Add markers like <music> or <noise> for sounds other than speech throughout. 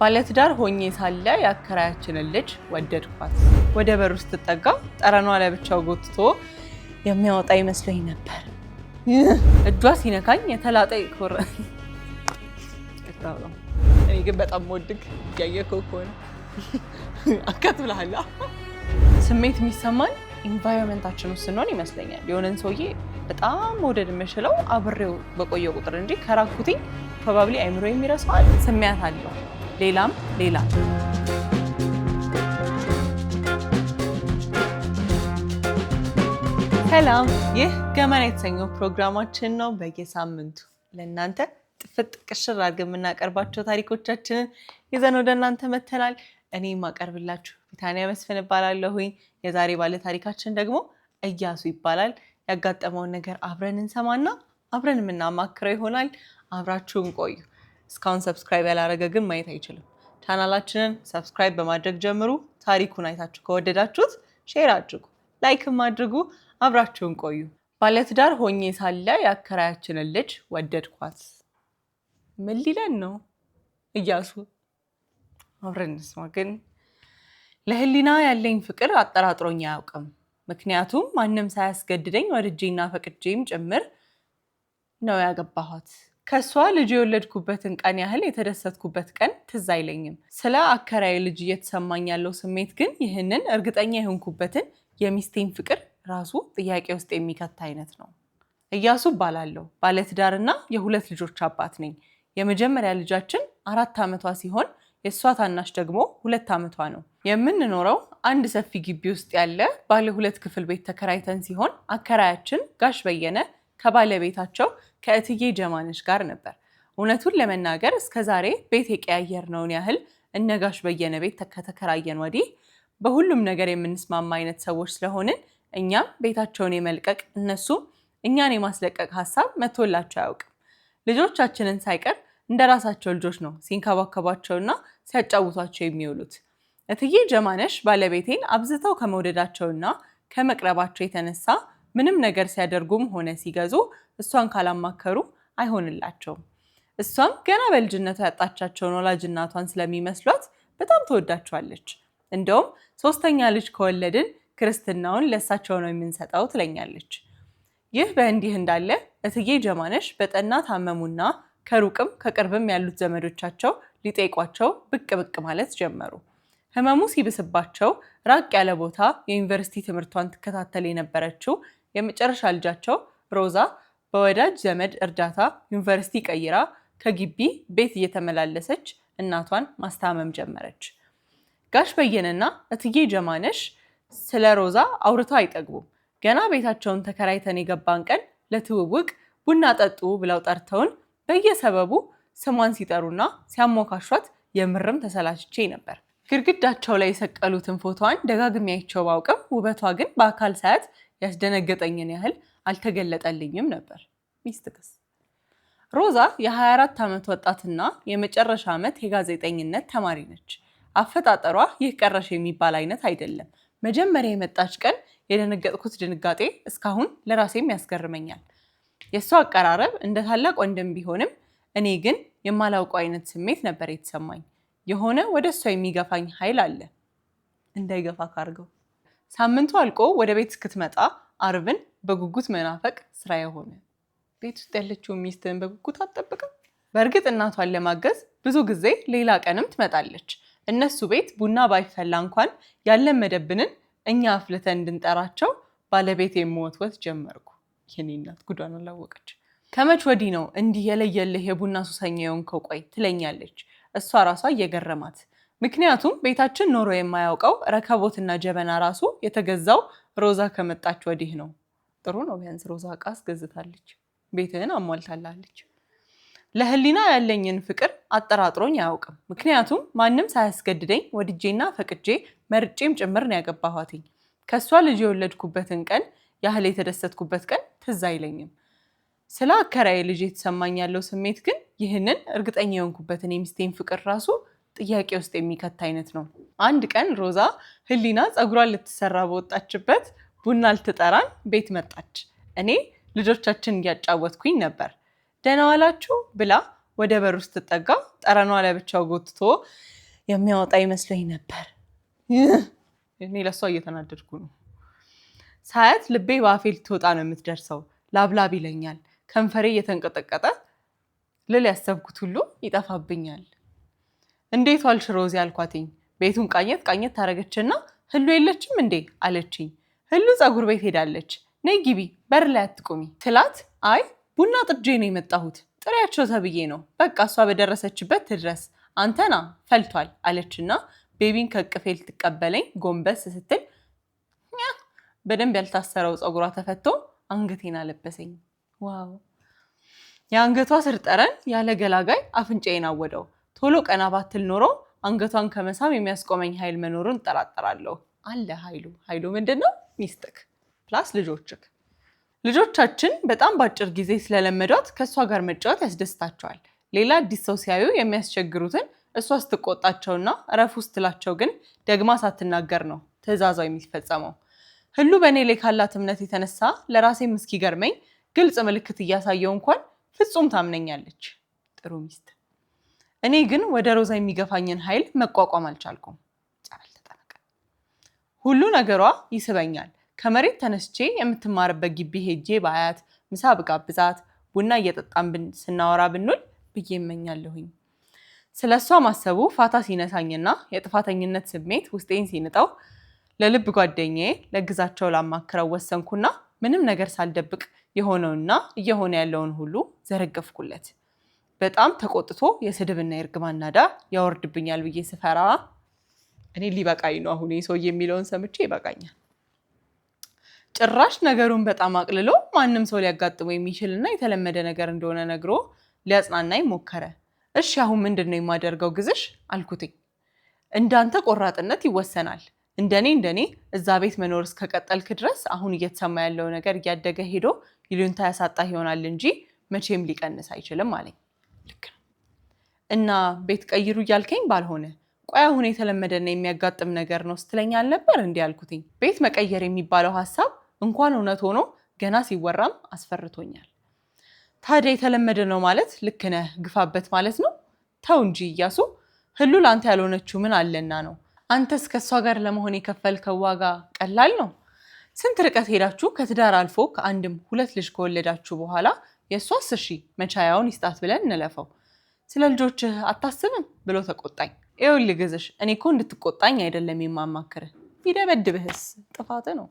ባለትዳር ሆኜ ሳለ የአከራያችንን ልጅ ወደድኳት። ወደ በሩ ስትጠጋ ጠረኗ ለብቻው ጎትቶ የሚያወጣ ይመስለኝ ነበር። እጇ ሲነካኝ የተላጠ ይኮረ እኔ ግን በጣም ወድግ እያየከው ከሆነ አካት ብልሃላ ስሜት የሚሰማን ኢንቫይሮንመንታችን ውስጥ ስንሆን ይመስለኛል። የሆነን ሰውዬ በጣም መውደድ የምችለው አብሬው በቆየ ቁጥር እንጂ ከራኩትኝ ፕሮባብሊ አይምሮ የሚረሳዋል። ስሜያት አለው ሌላም ሌላ ሰላም፣ ይህ ገመና የተሰኘው ፕሮግራማችን ነው። በየሳምንቱ ለእናንተ ጥፍጥ ቅሽር አድርገን የምናቀርባቸው ታሪኮቻችንን ይዘን ወደ እናንተ መተናል። እኔ የማቀርብላችሁ ቢታንያ መስፍን እባላለሁኝ። የዛሬ ባለ ታሪካችን ደግሞ እያሱ ይባላል። ያጋጠመውን ነገር አብረን እንሰማና አብረን የምናማክረው ይሆናል። አብራችሁን ቆዩ። እስካሁን ሰብስክራይብ ያላረገ ግን ማየት አይችልም። ቻናላችንን ሰብስክራይብ በማድረግ ጀምሩ። ታሪኩን አይታችሁ ከወደዳችሁት ሼር አድርጉ፣ ላይክም አድርጉ። አብራችሁን ቆዩ። ባለትዳር ሆኜ ሳለ የአከራያችንን ልጅ ወደድኳት። ምን ሊለን ነው እያሱ? አብረን እንስማ። ግን ለህሊና ያለኝ ፍቅር አጠራጥሮኝ አያውቅም። ምክንያቱም ማንም ሳያስገድደኝ ወድጄና ፈቅጄም ጭምር ነው ያገባኋት። ከእሷ ልጅ የወለድኩበትን ቀን ያህል የተደሰትኩበት ቀን ትዝ አይለኝም። ስለ አከራይ ልጅ እየተሰማኝ ያለው ስሜት ግን ይህንን እርግጠኛ የሆንኩበትን የሚስቴን ፍቅር ራሱ ጥያቄ ውስጥ የሚከት አይነት ነው። እያሱ እባላለሁ። ባለትዳርና የሁለት ልጆች አባት ነኝ። የመጀመሪያ ልጃችን አራት ዓመቷ ሲሆን የእሷ ታናሽ ደግሞ ሁለት ዓመቷ ነው። የምንኖረው አንድ ሰፊ ግቢ ውስጥ ያለ ባለ ሁለት ክፍል ቤት ተከራይተን ሲሆን አከራያችን ጋሽ በየነ ከባለቤታቸው ከእትዬ ጀማነሽ ጋር ነበር። እውነቱን ለመናገር ዛሬ ቤት የቀያየርነውን ያህል እነጋሽ በየነ ቤት ከተከራየን ወዲህ በሁሉም ነገር የምንስማማ አይነት ሰዎች ስለሆንን እኛም ቤታቸውን የመልቀቅ እነሱም እኛን የማስለቀቅ ሀሳብ መቶላቸው አያውቅም። ልጆቻችንን ሳይቀር እንደ ራሳቸው ልጆች ነው ሲንከባከቧቸውና ሲያጫውቷቸው የሚውሉት። እትዬ ጀማነሽ ባለቤቴን አብዝተው ከመውደዳቸውና ከመቅረባቸው የተነሳ ምንም ነገር ሲያደርጉም ሆነ ሲገዙ እሷን ካላማከሩ አይሆንላቸውም። እሷም ገና በልጅነቷ ያጣቻቸውን ወላጅ እናቷን ስለሚመስሏት በጣም ትወዳቸዋለች። እንደውም ሶስተኛ ልጅ ከወለድን ክርስትናውን ለእሳቸው ነው የምንሰጠው ትለኛለች። ይህ በእንዲህ እንዳለ እትዬ ጀማነሽ በጠና ታመሙና ከሩቅም ከቅርብም ያሉት ዘመዶቻቸው ሊጠይቋቸው ብቅ ብቅ ማለት ጀመሩ። ህመሙ ሲብስባቸው ራቅ ያለ ቦታ የዩኒቨርሲቲ ትምህርቷን ትከታተል የነበረችው የመጨረሻ ልጃቸው ሮዛ በወዳጅ ዘመድ እርዳታ ዩኒቨርሲቲ ቀይራ ከግቢ ቤት እየተመላለሰች እናቷን ማስታመም ጀመረች። ጋሽ በየነና እትዬ ጀማነሽ ስለ ሮዛ አውርተው አይጠግቡም። ገና ቤታቸውን ተከራይተን የገባን ቀን ለትውውቅ ቡና ጠጡ ብለው ጠርተውን በየሰበቡ ስሟን ሲጠሩና ሲያሞካሿት የምርም ተሰላችቼ ነበር። ግድግዳቸው ላይ የሰቀሉትን ፎቶዋን ደጋግሜ ባውቅም ውበቷ ግን በአካል ሳያት ያስደነገጠኝን ያህል አልተገለጠልኝም ነበር። ሚስትክስ ሮዛ የ24 ዓመት ወጣትና የመጨረሻ ዓመት የጋዜጠኝነት ተማሪ ነች። አፈጣጠሯ ይህ ቀረሽ የሚባል አይነት አይደለም። መጀመሪያ የመጣች ቀን የደነገጥኩት ድንጋጤ እስካሁን ለራሴም ያስገርመኛል። የእሷ አቀራረብ እንደ ታላቅ ወንድም ቢሆንም እኔ ግን የማላውቀው አይነት ስሜት ነበር የተሰማኝ። የሆነ ወደ እሷ የሚገፋኝ ኃይል አለ። እንዳይገፋ ካርገው ሳምንቱ አልቆ ወደ ቤት እስክትመጣ አርብን በጉጉት መናፈቅ ስራ የሆነ ቤት ውስጥ ያለችው ሚስትን በጉጉት አትጠብቅም። በእርግጥ እናቷን ለማገዝ ብዙ ጊዜ ሌላ ቀንም ትመጣለች። እነሱ ቤት ቡና ባይፈላ እንኳን ያለን መደብንን እኛ አፍልተን እንድንጠራቸው ባለቤት የመወትወት ጀመርኩ። የኔ እናት ጉዳን አላወቀች። ከመች ወዲህ ነው እንዲህ የለየልህ የቡና ሱሰኛ የሆንከው? ቆይ ትለኛለች እሷ ራሷ እየገረማት ምክንያቱም ቤታችን ኖሮ የማያውቀው ረከቦትና ጀበና ራሱ የተገዛው ሮዛ ከመጣች ወዲህ ነው። ጥሩ ነው። ቢያንስ ሮዛ እቃ አስገዝታለች፣ ቤትህን አሟልታላለች። ለህሊና ያለኝን ፍቅር አጠራጥሮኝ አያውቅም። ምክንያቱም ማንም ሳያስገድደኝ ወድጄና ፈቅጄ መርጬም ጭምር ነው ያገባኋትኝ። ከእሷ ልጅ የወለድኩበትን ቀን ያህል የተደሰትኩበት ቀን ትዝ አይለኝም። ስለ አከራዬ ልጅ የተሰማኝ ያለው ስሜት ግን ይህንን እርግጠኛ የሆንኩበትን የሚስቴን ፍቅር ራሱ ጥያቄ ውስጥ የሚከት አይነት ነው። አንድ ቀን ሮዛ ህሊና ፀጉሯን ልትሰራ በወጣችበት ቡና ልትጠራን ቤት መጣች። እኔ ልጆቻችን እያጫወትኩኝ ነበር። ደህና ዋላችሁ ብላ ወደ በር ውስጥ ስትጠጋ ጠረኗ ለብቻው ጎትቶ የሚያወጣ ይመስለኝ ነበር። እኔ ለእሷ እየተናደድኩ ነው። ሳያት ልቤ በአፌ ልትወጣ ነው የምትደርሰው። ላብላብ ይለኛል። ከንፈሬ እየተንቀጠቀጠ ልል ያሰብኩት ሁሉ ይጠፋብኛል። እንዴት ዋልሽ ሮዚ አልኳትኝ። ቤቱን ቃኘት ቃኘት ታረገችና ህሉ የለችም እንዴ አለችኝ። ህሉ ፀጉር ቤት ሄዳለች፣ ነይ ግቢ በር ላይ አትቁሚ ትላት። አይ ቡና ጥጄ ነው የመጣሁት ጥሪያቸው ተብዬ ነው። በቃ እሷ በደረሰችበት ትድረስ አንተና ፈልቷል አለችና ቤቢን ከቅፌ ልትቀበለኝ ጎንበስ ስትል በደንብ ያልታሰረው ፀጉሯ ተፈቶ አንገቴን አለበሰኝ። ዋው የአንገቷ ስር ጠረን ያለ ገላጋይ አፍንጫዬን አወደው። ቶሎ ቀና ባትል ኖሮ አንገቷን ከመሳም የሚያስቆመኝ ኃይል መኖሩን እጠራጠራለሁ አለ ኃይሉ። ኃይሉ ምንድን ነው? ሚስትክ ፕላስ ልጆችክ። ልጆቻችን በጣም በአጭር ጊዜ ስለለመዷት ከእሷ ጋር መጫወት ያስደስታቸዋል። ሌላ አዲስ ሰው ሲያዩ የሚያስቸግሩትን እሷ ስትቆጣቸውና እረፉ ስትላቸው ግን ደግማ ሳትናገር ነው ትዕዛዟ የሚፈጸመው። ህሉ በእኔ ላይ ካላት እምነት የተነሳ ለራሴም እስኪገርመኝ ግልጽ ምልክት እያሳየው እንኳን ፍጹም ታምነኛለች። ጥሩ ሚስት እኔ ግን ወደ ሮዛ የሚገፋኝን ኃይል መቋቋም አልቻልኩም። ጨረል ተጠመቀ። ሁሉ ነገሯ ይስበኛል። ከመሬት ተነስቼ የምትማርበት ግቢ ሄጄ በአያት ምሳ ብዛት ቡና እየጠጣን ስናወራ ብንውል ብዬ እመኛለሁኝ። ስለ እሷ ማሰቡ ፋታ ሲነሳኝና የጥፋተኝነት ስሜት ውስጤን ሲንጠው ለልብ ጓደኛዬ ለግዛቸው ላማክረው ወሰንኩና ምንም ነገር ሳልደብቅ የሆነውና እየሆነ ያለውን ሁሉ ዘረገፍኩለት። በጣም ተቆጥቶ የስድብና የእርግማን ናዳ ያወርድብኛል ብዬ ስፈራ እኔ ሊበቃኝ ነው አሁን ሰው የሚለውን ሰምቼ ይበቃኛል። ጭራሽ ነገሩን በጣም አቅልሎ ማንም ሰው ሊያጋጥመው የሚችልና የተለመደ ነገር እንደሆነ ነግሮ ሊያጽናናኝ ሞከረ። እሺ አሁን ምንድን ነው የማደርገው ግዝሽ አልኩትኝ። እንዳንተ ቆራጥነት ይወሰናል። እንደኔ እንደኔ እዛ ቤት መኖር እስከቀጠልክ ድረስ አሁን እየተሰማ ያለው ነገር እያደገ ሄዶ ይሉንታ ያሳጣህ ይሆናል እንጂ መቼም ሊቀንስ አይችልም አለኝ። ልክ ነው። እና ቤት ቀይሩ እያልከኝ ባልሆነ ቆይ አሁን የተለመደና የሚያጋጥም ነገር ነው ስትለኝ አልነበር እንዲህ ያልኩትኝ። ቤት መቀየር የሚባለው ሀሳብ እንኳን እውነት ሆኖ ገና ሲወራም አስፈርቶኛል። ታዲያ የተለመደ ነው ማለት ልክ ነህ ግፋበት ማለት ነው? ተው እንጂ እያሱ፣ ህሉ ለአንተ ያልሆነችው ምን አለና ነው? አንተስ ከእሷ ጋር ለመሆን የከፈልከው ዋጋ ቀላል ነው? ስንት ርቀት ሄዳችሁ ከትዳር አልፎ ከአንድም ሁለት ልጅ ከወለዳችሁ በኋላ የእሷስ እሺ መቻያውን ይስጣት ብለን እንለፈው። ስለ ልጆችህ አታስብም ብሎ ተቆጣኝ። ኤውል ግዝሽ፣ እኔ እኮ እንድትቆጣኝ አይደለም የማማክርህ፣ ቢደበድብህስ ጥፋት ነው።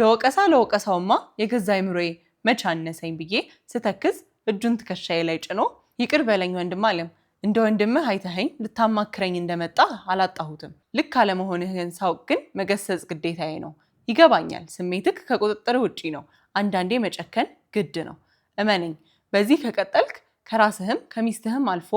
ለወቀሳ ለወቀሳውማ የገዛ አይምሮዬ መቻ አነሰኝ ብዬ ስተክዝ እጁን ትከሻዬ ላይ ጭኖ ይቅር በለኝ ወንድም አለም። እንደ ወንድምህ አይተኸኝ ልታማክረኝ እንደመጣ አላጣሁትም። ልክ አለመሆንህን ሳውቅ ግን መገሰጽ ግዴታዬ ነው። ይገባኛል፣ ስሜትክ ከቁጥጥር ውጪ ነው። አንዳንዴ መጨከን ግድ ነው። እመነኝ፣ በዚህ ከቀጠልክ ከራስህም ከሚስትህም አልፎ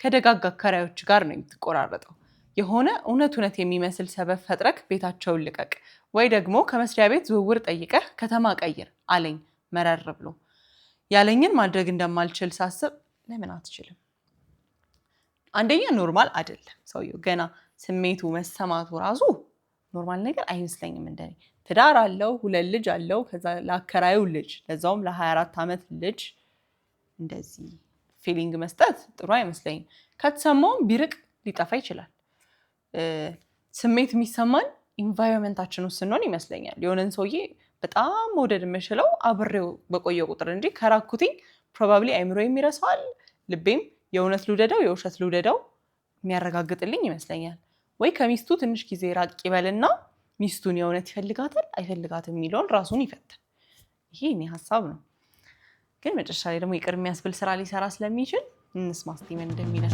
ከደጋግ አከራዮች ጋር ነው የምትቆራረጠው። የሆነ እውነት እውነት የሚመስል ሰበብ ፈጥረክ ቤታቸውን ልቀቅ ወይ ደግሞ ከመስሪያ ቤት ዝውውር ጠይቀህ ከተማ ቀይር አለኝ መረር ብሎ። ያለኝን ማድረግ እንደማልችል ሳስብ ለምን አትችልም? አንደኛ ኖርማል አይደለም ሰውየው፣ ገና ስሜቱ መሰማቱ ራሱ ኖርማል ነገር አይመስለኝም እንደኔ። ትዳር አለው፣ ሁለት ልጅ አለው። ከዛ ለአከራዩ ልጅ ለዛውም ለ24 ዓመት ልጅ እንደዚህ ፊሊንግ መስጠት ጥሩ አይመስለኝም። ከተሰማውም ቢርቅ ሊጠፋ ይችላል። ስሜት የሚሰማን ኢንቫይሮንመንታችን ውስጥ ስንሆን ይመስለኛል። የሆነን ሰውዬ በጣም መውደድ የምችለው አብሬው በቆየ ቁጥር እንጂ ከራኩቲኝ ፕሮባብሊ አይምሮ ይረሳዋል፣ ልቤም የእውነት ልውደደው የውሸት ልውደደው የሚያረጋግጥልኝ ይመስለኛል። ወይ ከሚስቱ ትንሽ ጊዜ ራቅ ይበልና ሚስቱን የእውነት ይፈልጋታል አይፈልጋትም የሚለውን ራሱን ይፈትል። ይሄ እኔ ሀሳብ ነው። ግን መጨረሻ ላይ ደግሞ ይቅር የሚያስብል ስራ ሊሰራ ስለሚችል እንስማ እስቲ ምን እንደሚለው።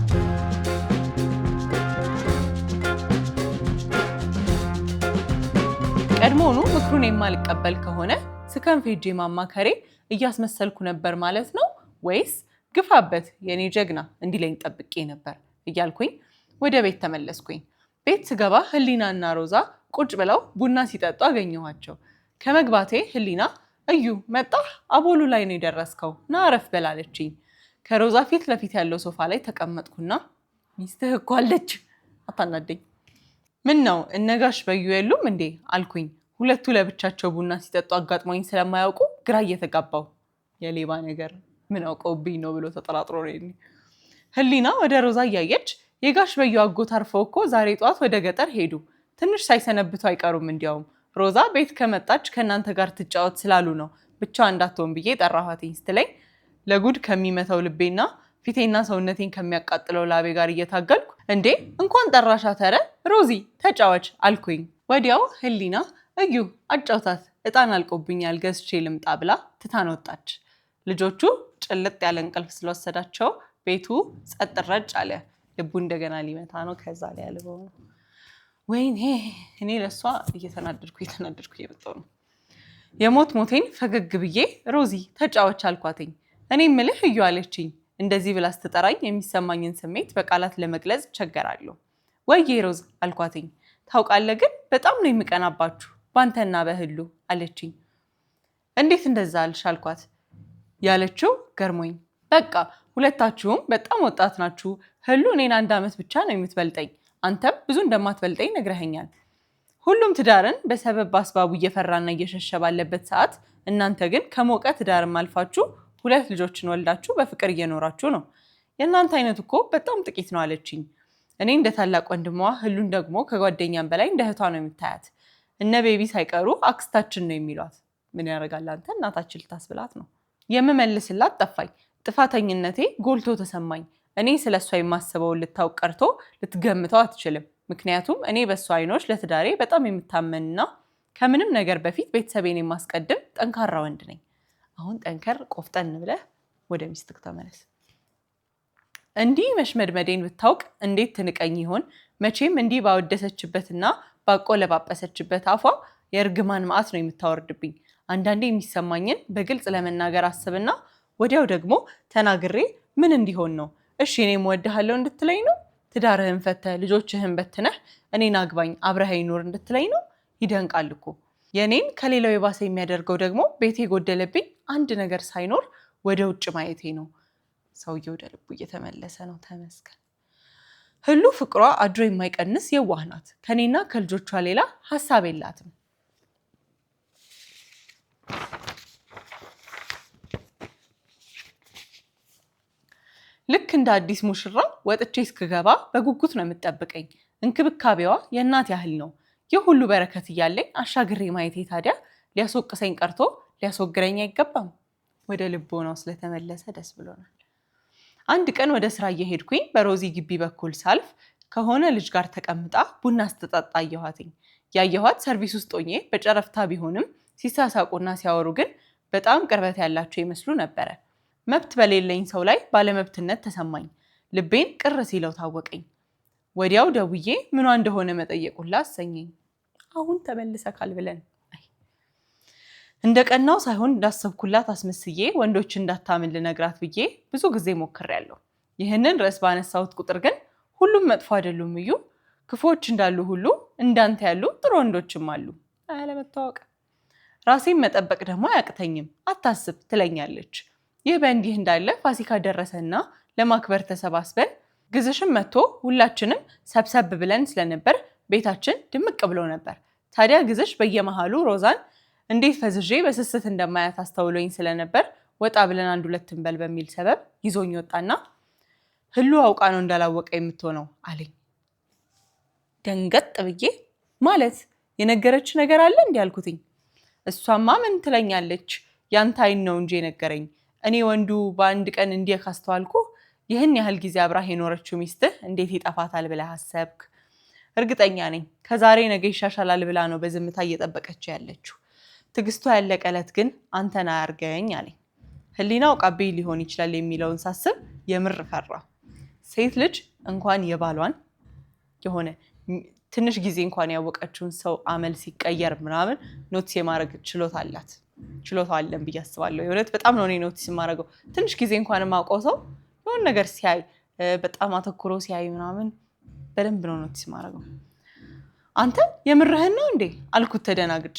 ቀድሞውኑ ምክሩን የማልቀበል ከሆነ ስከን ፌጄ ማማከሬ እያስመሰልኩ ነበር ማለት ነው ወይስ ግፋበት የኔ ጀግና እንዲለኝ ጠብቄ ነበር እያልኩኝ ወደ ቤት ተመለስኩኝ። ቤት ስገባ ህሊናና ሮዛ ቁጭ ብለው ቡና ሲጠጡ አገኘኋቸው። ከመግባቴ ህሊና እዩ መጣህ፣ አቦሉ ላይ ነው የደረስከው፣ ና አረፍ በላለችኝ። ከሮዛ ፊት ለፊት ያለው ሶፋ ላይ ተቀመጥኩና ሚስትህ እኮ አለች፣ አታናደኝ። ምን ነው እነጋሽ በዩ የሉም እንዴ አልኩኝ። ሁለቱ ለብቻቸው ቡና ሲጠጡ አጋጥሞኝ ስለማያውቁ ግራ እየተጋባው የሌባ ነገር ምን አውቀውብኝ ነው ብሎ ተጠራጥሮ ነው። ህሊና ወደ ሮዛ እያየች የጋሽ በዩ አጎት አርፈው እኮ ዛሬ ጠዋት ወደ ገጠር ሄዱ ትንሽ ሳይሰነብቱ አይቀሩም። እንዲያውም ሮዛ ቤት ከመጣች ከእናንተ ጋር ትጫወት ስላሉ ነው ብቻ እንዳትሆን ብዬ ጠራኋትኝ ስትለኝ ለጉድ ከሚመታው ልቤና ፊቴና ሰውነቴን ከሚያቃጥለው ላቤ ጋር እየታገልኩ እንዴ እንኳን ጠራሻ ተረ ሮዚ ተጫዋች አልኩኝ። ወዲያው ህሊና እዩ አጫውታት እጣን አልቆብኛል ገዝቼ ልምጣ ብላ ትታን ወጣች። ልጆቹ ጭልጥ ያለ እንቅልፍ ስለወሰዳቸው ቤቱ ጸጥ ረጭ አለ። ልቡ እንደገና ሊመታ ነው ከዛ ላይ ወይኔ እኔ ለእሷ እየተናደድኩ እየተናደድኩ እየመጣሁ ነው። የሞት ሞቴን ፈገግ ብዬ ሮዚ ተጫወች አልኳትኝ። እኔ ምልህ እዩ አለችኝ። እንደዚህ ብላ ስትጠራኝ የሚሰማኝን ስሜት በቃላት ለመግለጽ ቸገራለሁ። ወይዬ ሮዝ አልኳትኝ። ታውቃለህ ግን በጣም ነው የሚቀናባችሁ ባንተና በህሉ አለችኝ። እንዴት እንደዛ አልሽ አልኳት። ያለችው ገርሞኝ በቃ ሁለታችሁም በጣም ወጣት ናችሁ። ህሉ እኔን አንድ ዓመት ብቻ ነው የምትበልጠኝ አንተም ብዙ እንደማትበልጠኝ ነግረኸኛል። ሁሉም ትዳርን በሰበብ አስባቡ እየፈራና እየሸሸ ባለበት ሰዓት እናንተ ግን ከሞቀ ትዳርም አልፋችሁ ሁለት ልጆችን ወልዳችሁ በፍቅር እየኖራችሁ ነው። የእናንተ አይነት እኮ በጣም ጥቂት ነው አለችኝ። እኔ እንደ ታላቅ ወንድሟ፣ ህሉን ደግሞ ከጓደኛም በላይ እንደ እህቷ ነው የምታያት። እነ ቤቢ ሳይቀሩ አክስታችን ነው የሚሏት። ምን ያደርጋል አንተ እናታችን ልታስብላት ነው። የምመልስላት ጠፋኝ። ጥፋተኝነቴ ጎልቶ ተሰማኝ። እኔ ስለ እሷ የማስበውን ልታውቅ ቀርቶ ልትገምተው አትችልም። ምክንያቱም እኔ በእሷ አይኖች ለትዳሬ በጣም የምታመንና ከምንም ነገር በፊት ቤተሰቤን የማስቀድም ጠንካራ ወንድ ነኝ። አሁን ጠንከር ቆፍጠን ብለህ ወደ ሚስትክ ተመለስ። እንዲህ መሽመድመዴን ብታውቅ እንዴት ትንቀኝ ይሆን? መቼም እንዲህ ባወደሰችበትና ባቆለባበሰችበት አፏ የእርግማን መዓት ነው የምታወርድብኝ። አንዳንዴ የሚሰማኝን በግልጽ ለመናገር አስብና ወዲያው ደግሞ ተናግሬ ምን እንዲሆን ነው እሺ እኔም እወድሃለሁ እንድትለኝ ነው? ትዳርህን ፈተ ልጆችህን በትነህ እኔን አግባኝ አብረሃ ኑር እንድትለኝ ነው? ይደንቃል እኮ። የእኔን ከሌላው የባሰ የሚያደርገው ደግሞ ቤቴ የጎደለብኝ አንድ ነገር ሳይኖር ወደ ውጭ ማየቴ ነው። ሰውዬው ወደ ልቡ እየተመለሰ ነው። ተመስገን። ህሉ ፍቅሯ አድሮ የማይቀንስ የዋህ ናት። ከኔና ከልጆቿ ሌላ ሀሳብ የላትም። ልክ እንደ አዲስ ሙሽራ ወጥቼ እስክገባ በጉጉት ነው የምጠብቀኝ። እንክብካቤዋ የእናት ያህል ነው። ይህ ሁሉ በረከት እያለኝ አሻግሬ ማየቴ ታዲያ ሊያስወቅሰኝ ቀርቶ ሊያስወግረኝ አይገባም። ወደ ልቦናው ስለተመለሰ ደስ ብሎናል። አንድ ቀን ወደ ስራ እየሄድኩኝ በሮዚ ግቢ በኩል ሳልፍ ከሆነ ልጅ ጋር ተቀምጣ ቡና ስትጠጣ አየኋትኝ። ያየኋት ሰርቪስ ውስጥ ሆኜ በጨረፍታ ቢሆንም ሲሳሳቁና ሲያወሩ ግን በጣም ቅርበት ያላቸው ይመስሉ ነበረ። መብት በሌለኝ ሰው ላይ ባለመብትነት ተሰማኝ። ልቤን ቅር ሲለው ታወቀኝ። ወዲያው ደውዬ ምኗ እንደሆነ መጠየቁላ አሰኘኝ። አሁን ተመልሰካል ብለን እንደ ቀናው ሳይሆን እንዳሰብኩላት አስመስዬ ወንዶች እንዳታምን ልነግራት ብዬ ብዙ ጊዜ ሞክሬያለሁ። ይህንን ርዕስ ባነሳሁት ቁጥር ግን ሁሉም መጥፎ አይደሉም እዩ፣ ክፉዎች እንዳሉ ሁሉ እንዳንተ ያሉ ጥሩ ወንዶችም አሉ። አለመታወቅ ራሴን መጠበቅ ደግሞ አያቅተኝም፣ አታስብ ትለኛለች። ይህ በእንዲህ እንዳለ ፋሲካ ደረሰና ለማክበር ተሰባስበን ግዝሽም መጥቶ ሁላችንም ሰብሰብ ብለን ስለነበር ቤታችን ድምቅ ብሎ ነበር። ታዲያ ግዝሽ በየመሃሉ ሮዛን እንዴት ፈዝዤ በስስት እንደማያት አስተውሎኝ ስለነበር ወጣ ብለን አንድ ሁለት እንበል በሚል ሰበብ ይዞኝ ወጣና ህሉ አውቃ ነው እንዳላወቀ የምትሆነው አለኝ። ደንገጥ ብዬ ማለት የነገረች ነገር አለ እንዲህ አልኩትኝ። እሷማ ምን ትለኛለች፣ ያንተ አይን ነው እንጂ የነገረኝ እኔ ወንዱ በአንድ ቀን እንዲህ ካስተዋልኩ ይህን ያህል ጊዜ አብራህ የኖረችው ሚስትህ እንዴት ይጠፋታል ብለህ አሰብክ? እርግጠኛ ነኝ ከዛሬ ነገ ይሻሻላል ብላ ነው በዝምታ እየጠበቀችው ያለችው። ትዕግስቷ ያለ ቀለት ግን አንተን አያርገኝ አለኝ። ህሊና አውቃቤ ሊሆን ይችላል የሚለውን ሳስብ የምር ፈራ። ሴት ልጅ እንኳን የባሏን የሆነ ትንሽ ጊዜ እንኳን ያወቀችውን ሰው አመል ሲቀየር ምናምን ኖትስ የማድረግ ችሎታ አላት። ችሎታ አለን ብዬ አስባለሁ። የእውነት በጣም ነው እኔ ኖቲስ የማደርገው። ትንሽ ጊዜ እንኳን የማውቀው ሰው የሆነ ነገር ሲያይ በጣም አተኩሮ ሲያይ ምናምን በደንብ ነው ኖቲስ የማደርገው። አንተ የምርህን ነው እንዴ አልኩት ተደናግጬ።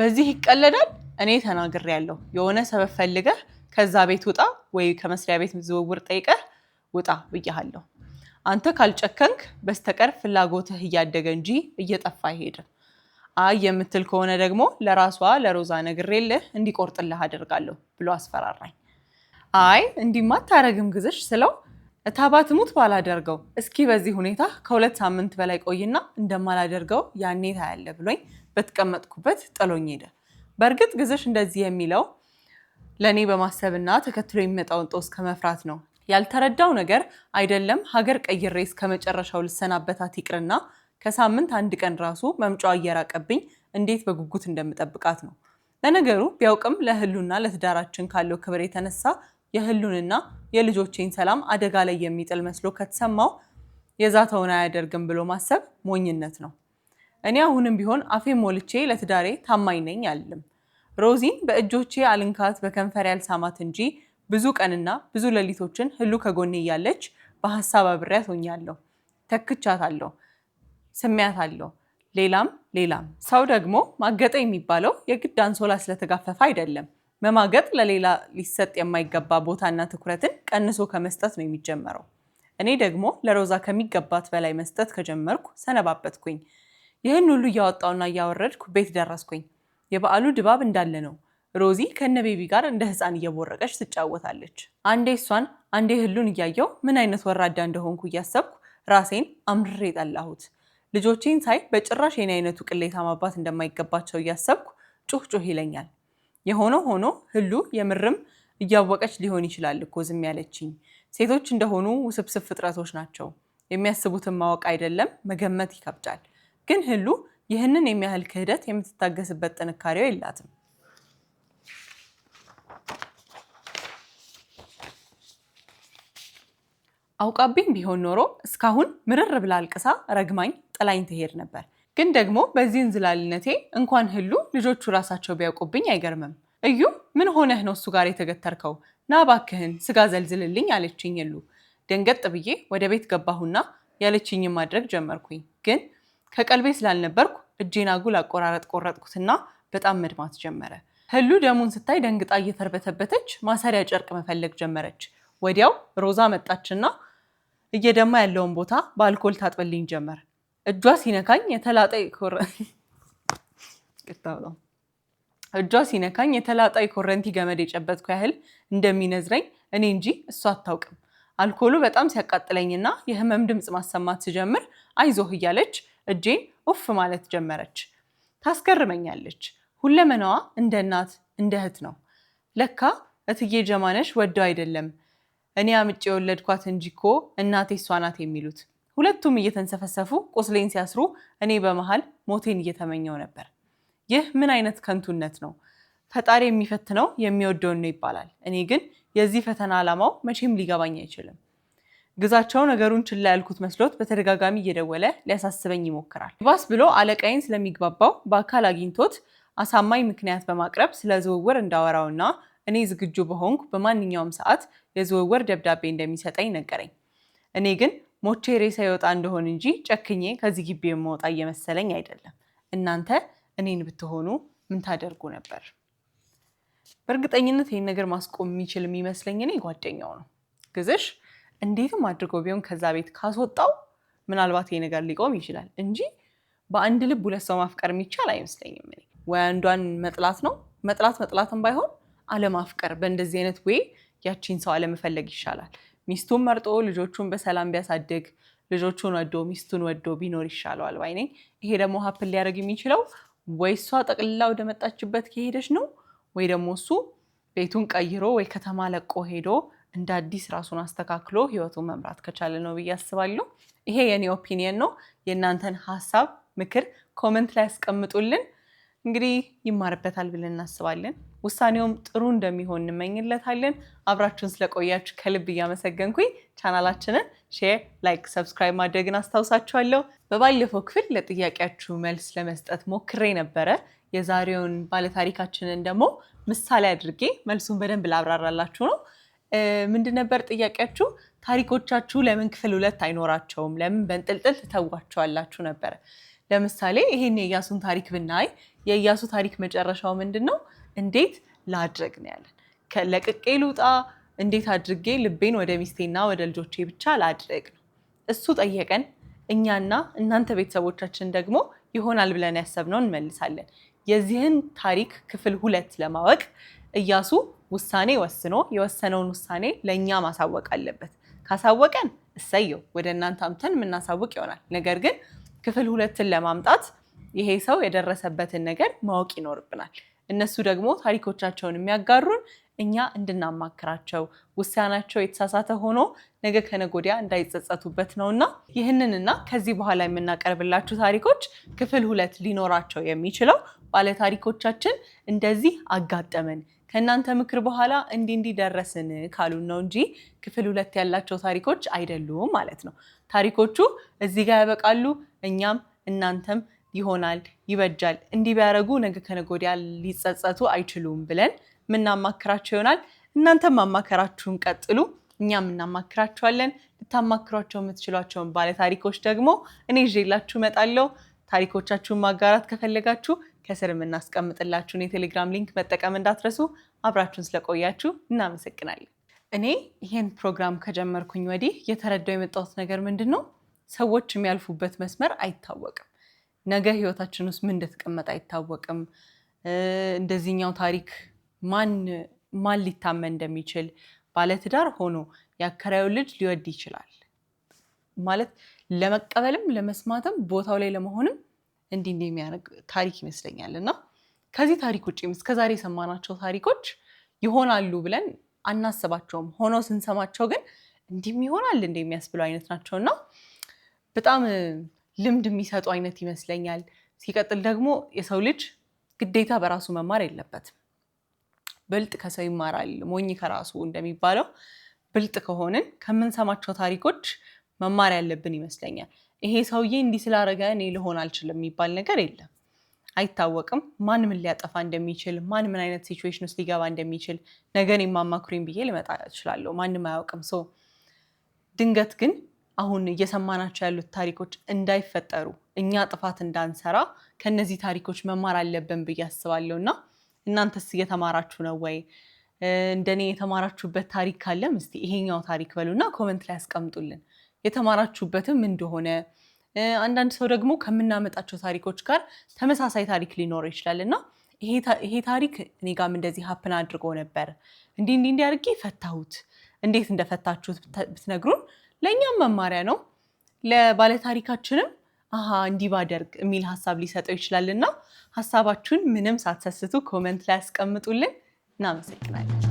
በዚህ ይቀለዳል። እኔ ተናግሬ ያለው የሆነ ሰበብ ፈልገህ ከዛ ቤት ውጣ ወይ ከመስሪያ ቤት ዝውውር ጠይቀህ ውጣ ብያሃለሁ። አንተ ካልጨከንክ በስተቀር ፍላጎትህ እያደገ እንጂ እየጠፋ አይሄድም። አይ የምትል ከሆነ ደግሞ ለራሷ ለሮዛ ነግሬልህ እንዲቆርጥልህ አደርጋለሁ ብሎ አስፈራራኝ። አይ እንዲማ አታረግም ግዝሽ ስለው ሙት ባላደርገው እስኪ በዚህ ሁኔታ ከሁለት ሳምንት በላይ ቆይና እንደማላደርገው ያኔ ታያለ ብሎኝ በተቀመጥኩበት ጥሎኝ ሄደ። በእርግጥ ግዝሽ እንደዚህ የሚለው ለእኔ በማሰብና ተከትሎ የሚመጣውን ጦስ ከመፍራት ነው ያልተረዳው ነገር አይደለም ሀገር ቀይሬ እስከ መጨረሻው ልሰናበታት ይቅርና ከሳምንት አንድ ቀን ራሱ መምጫዋ እየራቀብኝ እንዴት በጉጉት እንደምጠብቃት ነው። ለነገሩ ቢያውቅም ለህሉና ለትዳራችን ካለው ክብር የተነሳ የህሉንና የልጆቼን ሰላም አደጋ ላይ የሚጥል መስሎ ከተሰማው የዛተውን አያደርግም ብሎ ማሰብ ሞኝነት ነው። እኔ አሁንም ቢሆን አፌ ሞልቼ ለትዳሬ ታማኝ ነኝ አልልም። ሮዚን በእጆቼ አልንካት በከንፈር ያልሳማት እንጂ ብዙ ቀንና ብዙ ሌሊቶችን ህሉ ከጎኔ እያለች በሀሳብ አብሬያት ሆኛለሁ። ተክቻታለሁ፣ ስሜያታለሁ፣ ሌላም ሌላም። ሰው ደግሞ ማገጠ የሚባለው የግድ አንሶላ ስለተጋፈፈ አይደለም። መማገጥ ለሌላ ሊሰጥ የማይገባ ቦታና ትኩረትን ቀንሶ ከመስጠት ነው የሚጀመረው። እኔ ደግሞ ለሮዛ ከሚገባት በላይ መስጠት ከጀመርኩ ሰነባበትኩኝ። ይህን ሁሉ እያወጣውና እያወረድኩ ቤት ደረስኩኝ። የበዓሉ ድባብ እንዳለ ነው። ሮዚ ከነ ቤቢ ጋር እንደ ህፃን እየቦረቀች ትጫወታለች። አንዴ እሷን አንዴ ህሉን እያየው ምን አይነት ወራዳ እንደሆንኩ እያሰብኩ ራሴን አምርሬ ጠላሁት። ልጆቼን ሳይ በጭራሽ የኔ አይነቱ ቅሌታ ማባት እንደማይገባቸው እያሰብኩ ጩህ ጩህ ይለኛል። የሆነ ሆኖ ህሉ የምርም እያወቀች ሊሆን ይችላል እኮ ዝም ያለችኝ። ሴቶች እንደሆኑ ውስብስብ ፍጥረቶች ናቸው። የሚያስቡትን ማወቅ አይደለም መገመት ይከብዳል። ግን ህሉ ይህንን የሚያህል ክህደት የምትታገስበት ጥንካሬው የላትም። አውቃብኝ ቢሆን ኖሮ እስካሁን ምርር ብላ አልቅሳ ረግማኝ ጥላኝ ትሄድ ነበር። ግን ደግሞ በዚህ እንዝላልነቴ እንኳን ህሉ ልጆቹ ራሳቸው ቢያውቁብኝ አይገርምም። እዩ ምን ሆነህ ነው እሱ ጋር የተገተርከው? ና እባክህን ስጋ ዘልዝልልኝ አለችኝ። ሉ። ደንገጥ ብዬ ወደ ቤት ገባሁና ያለችኝን ማድረግ ጀመርኩኝ። ግን ከቀልቤ ስላልነበርኩ እጄን አጉል አቆራረጥ ቆረጥኩትና በጣም መድማት ጀመረ። ህሉ ደሙን ስታይ ደንግጣ እየተርበተበተች ማሰሪያ ጨርቅ መፈለግ ጀመረች። ወዲያው ሮዛ መጣችና እየደማ ያለውን ቦታ በአልኮል ታጥበልኝ ጀመር። እጇ ሲነካኝ የተላጠ <laughs> እጇ ሲነካኝ የተላጣ ኮረንቲ ገመድ የጨበጥኩ ያህል እንደሚነዝረኝ እኔ እንጂ እሱ አታውቅም። አልኮሉ በጣም ሲያቃጥለኝና የህመም ድምፅ ማሰማት ስጀምር አይዞህ እያለች እጄን ኡፍ ማለት ጀመረች። ታስገርመኛለች። ሁለመናዋ እንደ እናት እንደ እህት ነው። ለካ እትዬ ጀማነሽ ወደው አይደለም እኔ አምጬ የወለድኳት እንጂ እኮ እናቴ እሷ ናት የሚሉት ሁለቱም እየተንሰፈሰፉ ቁስሌን ሲያስሩ እኔ በመሃል ሞቴን እየተመኘው ነበር። ይህ ምን አይነት ከንቱነት ነው? ፈጣሪ የሚፈትነው የሚወደውን ነው ይባላል። እኔ ግን የዚህ ፈተና ዓላማው መቼም ሊገባኝ አይችልም። ግዛቸው ነገሩን ችላ ያልኩት መስሎት በተደጋጋሚ እየደወለ ሊያሳስበኝ ይሞክራል። ባስ ብሎ አለቃይን ስለሚግባባው በአካል አግኝቶት አሳማኝ ምክንያት በማቅረብ ስለ ዝውውር እንዳወራውና እኔ ዝግጁ በሆንኩ በማንኛውም ሰዓት የዝውውር ደብዳቤ እንደሚሰጠኝ ነገረኝ። እኔ ግን ሞቼ ሬሳ ይወጣ እንደሆን እንጂ ጨክኜ ከዚህ ግቢ የመውጣ እየመሰለኝ አይደለም። እናንተ እኔን ብትሆኑ ምን ታደርጉ ነበር? በእርግጠኝነት ይህን ነገር ማስቆም የሚችል የሚመስለኝ እኔ ጓደኛው ነው። ግዝሽ እንዴትም አድርገው ቢሆን ከዛ ቤት ካስወጣው ምናልባት ይህ ነገር ሊቆም ይችላል እንጂ በአንድ ልብ ሁለት ሰው ማፍቀር የሚቻል አይመስለኝም። ወይ አንዷን መጥላት ነው መጥላት መጥላትም ባይሆን አለማፍቀር በእንደዚህ አይነት ወይ ያቺን ሰው አለመፈለግ ይሻላል። ሚስቱን መርጦ ልጆቹን በሰላም ቢያሳድግ ልጆቹን ወዶ ሚስቱን ወዶ ቢኖር ይሻለዋል ባይ ይሄ ደግሞ ሀፕን ሊያደርግ የሚችለው ወይ እሷ ጠቅልላ ወደመጣችበት ከሄደች ነው ወይ ደግሞ እሱ ቤቱን ቀይሮ ወይ ከተማ ለቆ ሄዶ እንደ አዲስ ራሱን አስተካክሎ ህይወቱን መምራት ከቻለ ነው ብዬ አስባለሁ። ይሄ የኔ ኦፒኒየን ነው። የእናንተን ሀሳብ ምክር ኮመንት ላይ ያስቀምጡልን። እንግዲህ ይማርበታል ብለን እናስባለን። ውሳኔውም ጥሩ እንደሚሆን እንመኝለታለን። አብራችሁን ስለቆያችሁ ከልብ እያመሰገንኩኝ ቻናላችንን ሼር፣ ላይክ፣ ሰብስክራይብ ማድረግን አስታውሳችኋለሁ። በባለፈው ክፍል ለጥያቄያችሁ መልስ ለመስጠት ሞክሬ ነበረ። የዛሬውን ባለታሪካችንን ደግሞ ምሳሌ አድርጌ መልሱን በደንብ ላብራራላችሁ ነው። ምንድን ነበር ጥያቄያችሁ? ታሪኮቻችሁ ለምን ክፍል ሁለት አይኖራቸውም? ለምን በንጥልጥል ትተዋቸዋላችሁ ነበር ለምሳሌ ይሄን የእያሱን ታሪክ ብናይ የእያሱ ታሪክ መጨረሻው ምንድን ነው? እንዴት ላድረግ ነው ያለን። ለቅቄ ልውጣ፣ እንዴት አድርጌ ልቤን ወደ ሚስቴና ወደ ልጆቼ ብቻ ላድረግ ነው። እሱ ጠየቀን። እኛና እናንተ ቤተሰቦቻችን ደግሞ ይሆናል ብለን ያሰብነው እንመልሳለን። የዚህን ታሪክ ክፍል ሁለት ለማወቅ እያሱ ውሳኔ ወስኖ የወሰነውን ውሳኔ ለእኛ ማሳወቅ አለበት። ካሳወቀን እሰየው ወደ እናንተ አምተን የምናሳውቅ ይሆናል። ነገር ግን ክፍል ሁለትን ለማምጣት ይሄ ሰው የደረሰበትን ነገር ማወቅ ይኖርብናል። እነሱ ደግሞ ታሪኮቻቸውን የሚያጋሩን እኛ እንድናማክራቸው ውሳኔያቸው የተሳሳተ ሆኖ ነገ ከነጎዲያ እንዳይጸጸቱበት ነውና ይህንንና ከዚህ በኋላ የምናቀርብላችሁ ታሪኮች ክፍል ሁለት ሊኖራቸው የሚችለው ባለታሪኮቻችን እንደዚህ አጋጠመን ከእናንተ ምክር በኋላ እንዲ እንዲ ደረስን ካሉን ነው እንጂ ክፍል ሁለት ያላቸው ታሪኮች አይደሉም ማለት ነው። ታሪኮቹ እዚህ ጋር ያበቃሉ። እኛም እናንተም ይሆናል፣ ይበጃል፣ እንዲህ ቢያደረጉ ነገ ከነገ ወዲያ ሊጸጸቱ አይችሉም ብለን ምናማክራቸው ይሆናል። እናንተም ማማከራችሁን ቀጥሉ፣ እኛም እናማክራችኋለን። ልታማክሯቸው የምትችሏቸውን ታሪኮች ደግሞ እኔ ይዤላችሁ እመጣለሁ። ታሪኮቻችሁን ማጋራት ከፈለጋችሁ ከስር የምናስቀምጥላችሁን የቴሌግራም ሊንክ መጠቀም እንዳትረሱ። አብራችሁን ስለቆያችሁ እናመሰግናለን። እኔ ይሄን ፕሮግራም ከጀመርኩኝ ወዲህ የተረዳው የመጣሁት ነገር ምንድን ነው? ሰዎች የሚያልፉበት መስመር አይታወቅም። ነገ ህይወታችን ውስጥ ምን እንደተቀመጠ አይታወቅም። እንደዚህኛው ታሪክ ማን ማን ሊታመን እንደሚችል ባለትዳር ሆኖ የአከራዩ ልጅ ሊወድ ይችላል ማለት ለመቀበልም ለመስማትም ቦታው ላይ ለመሆንም እንዲህ እንዲህ የሚያደርግ ታሪክ ይመስለኛል። እና ከዚህ ታሪክ ውጭም እስከዛሬ የሰማናቸው ታሪኮች ይሆናሉ ብለን አናስባቸውም። ሆኖ ስንሰማቸው ግን እንዲህም ይሆናል እንደ እንደሚያስብለው አይነት ናቸው እና በጣም ልምድ የሚሰጡ አይነት ይመስለኛል። ሲቀጥል ደግሞ የሰው ልጅ ግዴታ በራሱ መማር የለበትም። ብልጥ ከሰው ይማራል ሞኝ ከራሱ እንደሚባለው ብልጥ ከሆንን ከምንሰማቸው ታሪኮች መማር ያለብን ይመስለኛል። ይሄ ሰውዬ እንዲህ ስላደረገ እኔ ልሆን አልችልም የሚባል ነገር የለም። አይታወቅም ማን ምን ሊያጠፋ እንደሚችል፣ ማን ምን አይነት ሲቹዌሽን ውስጥ ሊገባ እንደሚችል ነገን የማማክሩኝ ብዬ ልመጣ እችላለሁ። ማንም አያውቅም ሰው ድንገት ግን አሁን እየሰማናቸው ያሉት ታሪኮች እንዳይፈጠሩ እኛ ጥፋት እንዳንሰራ ከነዚህ ታሪኮች መማር አለብን ብዬ አስባለሁ። እና እናንተስ እየተማራችሁ ነው ወይ? እንደኔ የተማራችሁበት ታሪክ ካለም እስቲ ይሄኛው ታሪክ በሉና ኮመንት ላይ ያስቀምጡልን የተማራችሁበትም እንደሆነ አንዳንድ ሰው ደግሞ ከምናመጣቸው ታሪኮች ጋር ተመሳሳይ ታሪክ ሊኖረው ይችላል እና ይሄ ታሪክ እኔ ጋም እንደዚህ ሀፕን አድርጎ ነበር እንዲህ እንዲህ እንዲያርጌ ፈታሁት፣ እንዴት እንደፈታችሁት ብትነግሩን ለእኛም መማሪያ ነው፣ ለባለታሪካችንም አሃ እንዲህ ባደርግ የሚል ሀሳብ ሊሰጠው ይችላልና ሀሳባችሁን ምንም ሳትሰስቱ ኮመንት ላይ ያስቀምጡልን። እናመሰግናለን።